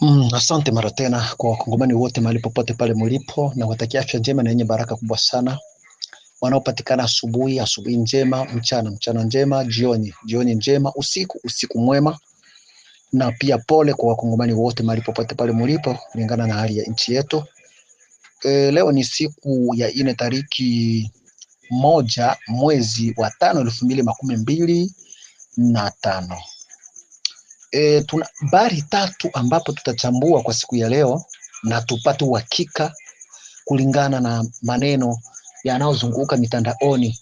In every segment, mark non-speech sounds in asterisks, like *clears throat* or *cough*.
Mm, asante mara tena kwa wakongomani wote mahali popote pale mlipo, na watakia afya njema na yenye baraka kubwa sana wanaopatikana asubuhi, asubuhi njema, mchana, mchana njema, jioni, jioni njema, usiku, usiku mwema, na pia pole kwa wakongomani wote mahali popote pale mlipo kulingana na hali ya nchi yetu. E, leo ni siku ya ine tariki moja mwezi wa tano elfu mbili makumi mbili na tano e, tuna bari tatu ambapo tutachambua kwa siku ya leo na tupate uhakika kulingana na maneno yanayozunguka mitandaoni.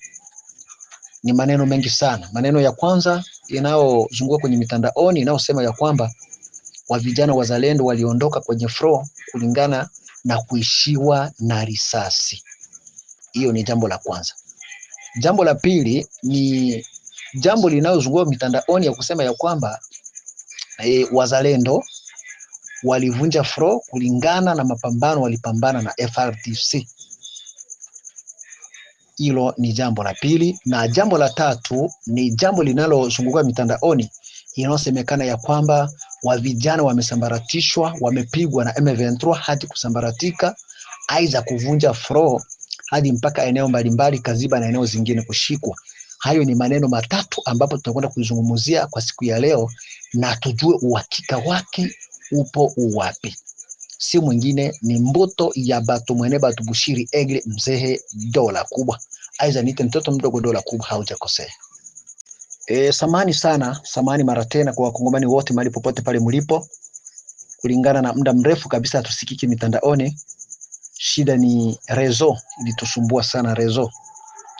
Ni maneno mengi sana. Maneno ya kwanza yanayozunguka kwenye mitandaoni inayosema ya kwamba wa vijana wazalendo waliondoka kwenye fro kulingana na kuishiwa na risasi. Hiyo ni jambo la kwanza. Jambo la pili ni jambo linalozunguka mitandaoni ya kusema ya kwamba e, wazalendo walivunja fro kulingana na mapambano walipambana na FRDC. Hilo ni jambo la pili, na jambo la tatu ni jambo linalozunguka mitandaoni inayosemekana ya kwamba wavijana wamesambaratishwa, wamepigwa na M23 hadi kusambaratika, aidha kuvunja fro hadi mpaka eneo mbalimbali Kaziba na eneo zingine kushikwa. Hayo ni maneno matatu ambapo tutakwenda kuzungumzia kwa siku ya leo, na tujue uhakika wake upo uwapi. Si mwingine ni mbuto ya batu mwene batu bushiri egle mzehe dola kubwa, aiza nite mtoto mdogo dola kubwa, haujakosea. E, samani sana, samani mara tena kwa wakongomani wote mahali popote pale mlipo. Kulingana na muda mrefu kabisa hatusikiki mitandaoni, shida ni rezo ilitusumbua sana rezo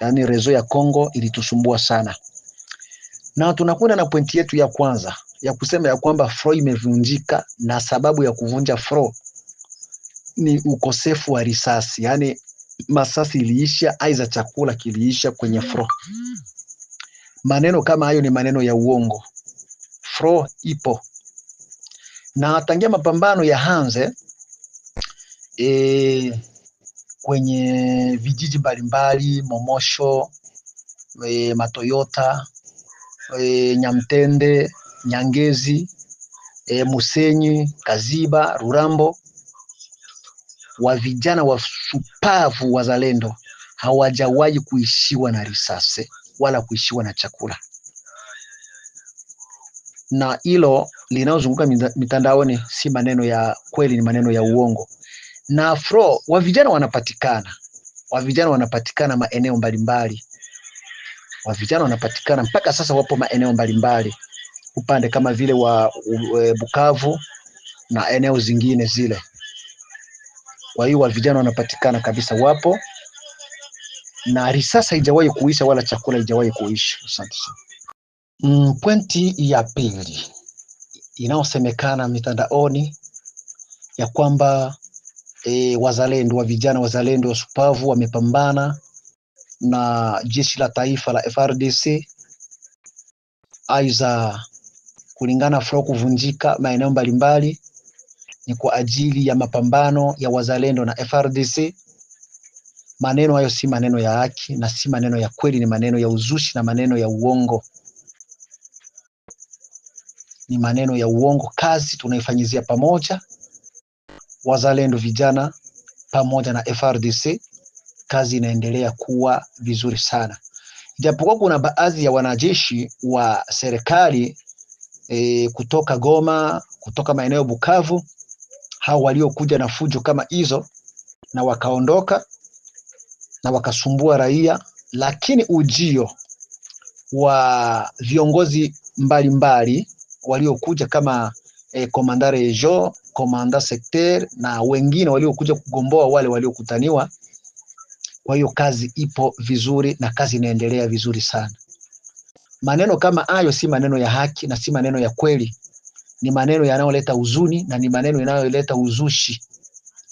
yani rezo ya Kongo ilitusumbua sana, na tunakwenda na pointi yetu ya kwanza ya kusema ya kwamba fro imevunjika, na sababu ya kuvunja fro ni ukosefu wa risasi, yaani masasi iliisha, aiza chakula kiliisha kwenye fro. Maneno kama hayo ni maneno ya uongo. Fro ipo na tangia mapambano ya Hanze e, kwenye vijiji mbalimbali Momosho, e, Matoyota, e, Nyamtende, Nyangezi, e, Musenyi, Kaziba, Rurambo wa vijana wasupavu wazalendo hawajawahi kuishiwa na risase wala kuishiwa na chakula, na hilo linaozunguka mitandaoni si maneno ya kweli, ni maneno ya uongo na afro wa vijana wanapatikana, wa vijana wanapatikana maeneo mbalimbali, wa vijana wanapatikana mpaka sasa, wapo maeneo mbalimbali upande kama vile wa e, Bukavu na eneo zingine zile. Kwa hiyo wa vijana wanapatikana kabisa, wapo na risasi haijawahi kuisha wala chakula haijawahi kuisha. Asante sana. Mm, pointi ya pili inayosemekana mitandaoni ya kwamba e, wazalendo wa vijana wazalendo wa supavu wamepambana na jeshi la taifa la FRDC. Aiza kulingana furaha kuvunjika maeneo mbalimbali ni kwa ajili ya mapambano ya wazalendo na FRDC. Maneno hayo si maneno ya haki na si maneno ya kweli, ni maneno ya uzushi na maneno ya uongo, ni maneno ya uongo. Kazi tunaifanyizia pamoja wazalendo vijana pamoja na FRDC, kazi inaendelea kuwa vizuri sana, japokuwa kuna baadhi ya wanajeshi wa serikali e, kutoka Goma, kutoka maeneo Bukavu, hao waliokuja na fujo kama hizo na wakaondoka na wakasumbua raia, lakini ujio wa viongozi mbalimbali waliokuja kama e, komandare Jo komanda sekter na wengine waliokuja kugomboa wale waliokutaniwa. Kwa hiyo kazi ipo vizuri na kazi inaendelea vizuri sana. Maneno kama hayo si maneno ya haki na si maneno ya kweli, ni maneno yanayoleta huzuni na ni maneno yanayoleta uzushi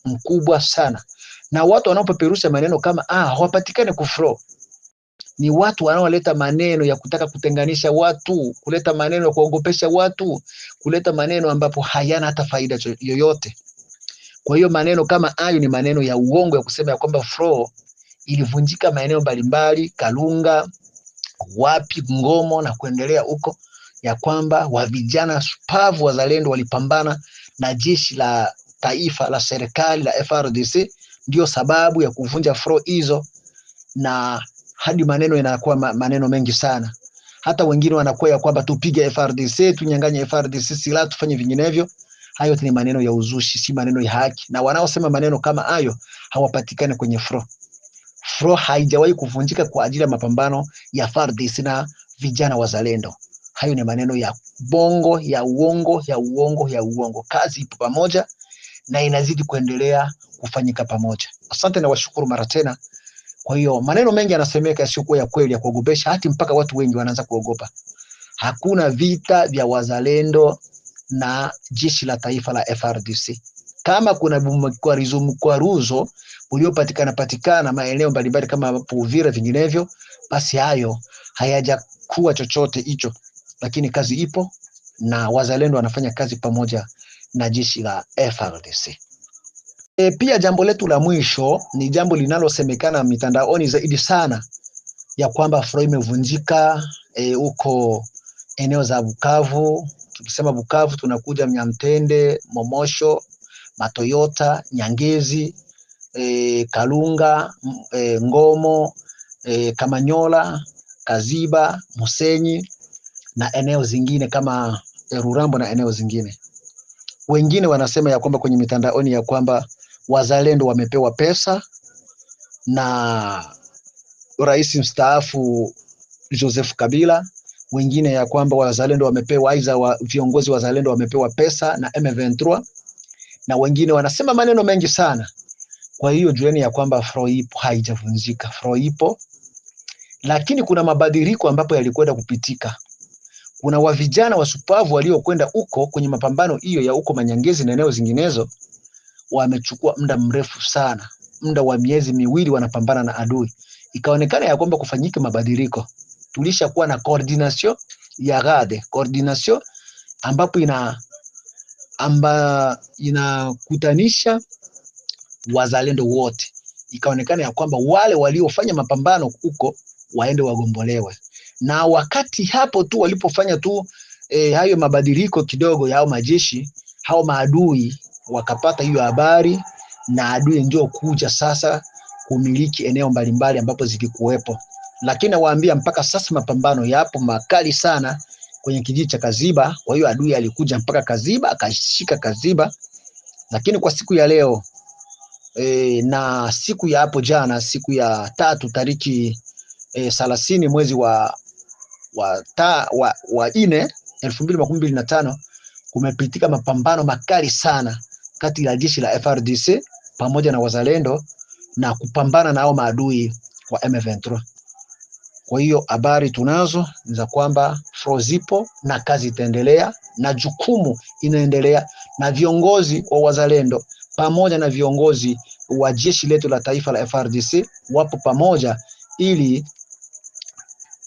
mkubwa sana, na watu wanaopeperusha maneno kama ah, hawapatikane kufro ni watu wanaoleta maneno ya kutaka kutenganisha watu, kuleta maneno ya kuogopesha watu, kuleta maneno ambapo hayana hata faida yoyote. Kwa hiyo maneno kama hayo ni maneno ya uongo ya kusema ya kwamba fro ilivunjika maeneo mbalimbali, Kalunga, wapi, Ngomo na kuendelea huko, ya kwamba wa vijana shupavu wazalendo walipambana na jeshi la taifa la serikali la FRDC, ndio sababu ya kuvunja fro hizo na hadi maneno yanakuwa maneno mengi sana. Hata wengine wanakuwa ya kwamba tupige FRDC, tunyanganye FRDC silaha, tufanye vinginevyo. Hayo ni maneno ya uzushi, si maneno ya haki, na wanaosema maneno kama hayo hawapatikani kwenye fro. Fro haijawahi kuvunjika kwa ajili ya mapambano ya FRDC na vijana wazalendo. Hayo ni maneno ya bongo, ya uongo, ya uongo, ya uongo. Kazi ipo pamoja na inazidi kuendelea kufanyika pamoja. Asante na washukuru mara tena. Kwa hiyo maneno mengi yanasemeka yasiyokuwa ya kweli ya kuogopesha, hati mpaka watu wengi wanaanza kuogopa. Hakuna vita vya wazalendo na jeshi la taifa la FRDC. Kama kuna ruzo uliopatikana patikana maeneo mbalimbali kama hapo Uvira, vinginevyo, basi hayo hayajakuwa chochote hicho, lakini kazi ipo na wazalendo wanafanya kazi pamoja na jeshi la FRDC. E, pia jambo letu la mwisho ni jambo linalosemekana mitandaoni zaidi sana ya kwamba FRW imevunjika e, huko e, eneo za Bukavu. Tukisema Bukavu tunakuja Mnyamtende, Momosho, Matoyota, Nyangezi, e, Kalunga, e, Ngomo, e, Kamanyola, Kaziba, Musenyi na eneo zingine kama e, Rurambo na eneo zingine. Wengine wanasema ya kwamba kwenye mitandaoni ya kwamba wazalendo wamepewa pesa na rais mstaafu Joseph Kabila, wengine ya kwamba wazalendo wamepewa aidha wa, viongozi wazalendo wamepewa pesa na M23 na wengine wanasema maneno mengi sana. Kwa hiyo jueni ya kwamba ipo, haijavunjika, ipo, lakini kuna mabadiliko ambapo yalikwenda kupitika. Kuna wavijana wasupavu waliokwenda huko kwenye mapambano hiyo ya huko Manyangezi na eneo zinginezo wamechukua muda mrefu sana, muda wa miezi miwili wanapambana na adui, ikaonekana ya kwamba kufanyike mabadiliko. kuwa na coordination ya gade, coordination ambapo ina amba inakutanisha wazalendo wote, ikaonekana ya kwamba wale waliofanya mapambano huko waende wagombolewe, na wakati hapo tu walipofanya tu eh, hayo mabadiliko kidogo yao majeshi hao maadui wakapata hiyo habari, na adui ndio kuja sasa kumiliki eneo mbalimbali ambapo zilikuwepo. Lakini nawaambia mpaka sasa mapambano yapo makali sana kwenye kijiji cha Kaziba. Kwa hiyo adui alikuja mpaka Kaziba akashika Kaziba, lakini kwa siku ya leo e, na siku ya hapo jana, siku ya tatu tariki e, thelathini mwezi wa wa, ta, wa, wa nne elfu mbili makumi mbili na tano kumepitika mapambano makali sana kati ya jeshi la FRDC pamoja na wazalendo na kupambana nao maadui wa M23. Kwa hiyo habari tunazo ni za kwamba fro zipo na kazi itaendelea na jukumu inaendelea, na viongozi wa wazalendo pamoja na viongozi wa jeshi letu la taifa la FRDC wapo pamoja ili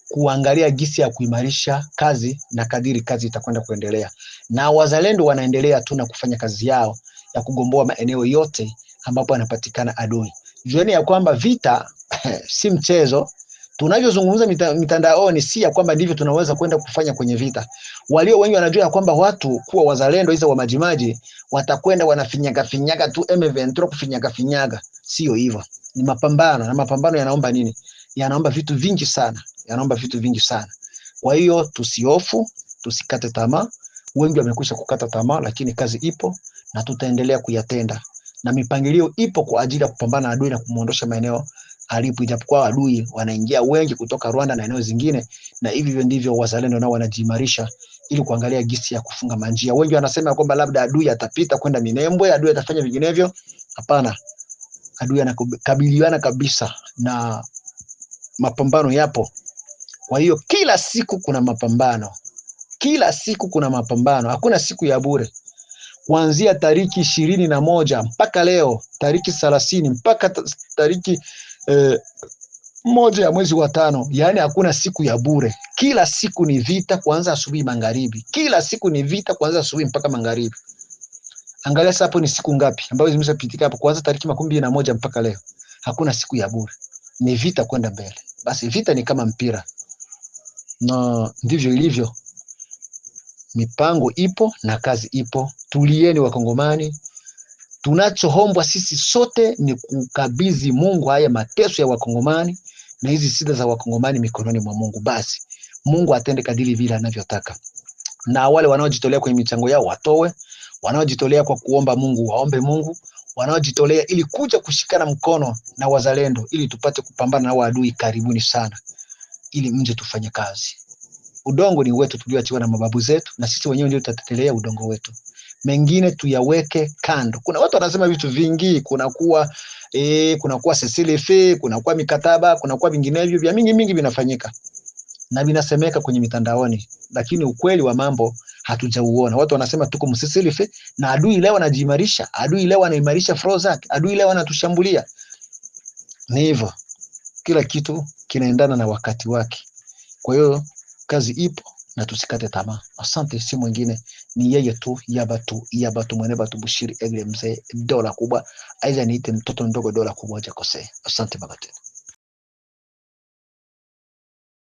kuangalia gisi ya kuimarisha kazi na kadiri kazi itakwenda kuendelea, na wazalendo wanaendelea tu na kufanya kazi yao ya kugomboa maeneo yote ambapo anapatikana adui. Jueni ya kwamba vita *clears throat* si mchezo. Tunavyozungumza mitandaoni si ya kwamba ndivyo tunaweza kwenda kufanya kwenye vita. Walio wengi wanajua ya kwamba watu kuwa wazalendo hizo wa majimaji watakwenda wanafinyaga finyaga tu M23 kufinyaga finyaga. Sio hivyo. Ni mapambano na mapambano yanaomba nini? Yanaomba vitu vingi sana. Yanaomba vitu vingi sana. Kwa hiyo tusiofu, tusikate tamaa. Wengi wamekwisha kukata tamaa, lakini kazi ipo na tutaendelea kuyatenda, na mipangilio ipo kwa ajili ya kupambana na adui na kumuondosha maeneo alipo, ijapokuwa adui wanaingia wengi kutoka Rwanda na eneo zingine, na hivi hivyo ndivyo wazalendo nao wanajiimarisha ili kuangalia gisi ya kufunga manjia. Wengi wanasema kwamba labda adui atapita kwenda Minembwe, adui atafanya vinginevyo. Hapana, adui anakabiliana kabisa na mapambano yapo. Kwa hiyo kila siku kuna mapambano, kila siku kuna mapambano, hakuna siku ya bure kuanzia tariki ishirini na moja mpaka leo tariki thelathini mpaka tariki eh, moja ya mwezi wa tano, yaani hakuna siku ya bure. Kila siku ni vita, kuanza asubuhi magharibi. Kila siku ni vita, kuanza asubuhi mpaka magharibi. Angalia sasa, hapo ni siku ngapi ambazo zimeshapitika hapo, kuanza tariki makumi mbili na moja mpaka leo? Hakuna siku ya bure, ni vita kwenda mbele. Basi vita ni kama mpira, na no, ndivyo ilivyo. Mipango ipo na kazi ipo, Tulieni Wakongomani, tunachoombwa sisi sote ni kukabidhi Mungu haya mateso ya Wakongomani na hizi shida za Wakongomani mikononi mwa Mungu. Basi Mungu atende kadiri vile anavyotaka, na wale wanaojitolea kwenye michango yao watowe, wanaojitolea kwa kuomba Mungu waombe Mungu, wanaojitolea ili kuja kushikana mkono na wazalendo ili tupate kupambana na waadui, karibuni sana, ili mje tufanye kazi. Udongo ni wetu tulioachiwa na mababu zetu, na sisi wenyewe ndio tutatetelea udongo wetu mengine tuyaweke kando. Kuna watu wanasema vitu vingi, kunakuwa e, eh, kunakuwa CCLF, kunakuwa mikataba, kunakuwa vinginevyo vya mingi mingi vinafanyika na vinasemeka kwenye mitandaoni, lakini ukweli wa mambo hatujauona. Watu wanasema tuko msisilife na adui leo anajiimarisha, adui leo anaimarisha Prozac, adui leo anatushambulia. Ni hivyo, kila kitu kinaendana na wakati wake. Kwa hiyo kazi ipo na tusikate tamaa. Asante, si mwingine ni yeye tu ya batu ya batu mwene batu bushiri egle mzee dola kubwa aidha niite mtoto ndogo dola kubwa jakose asante baba tena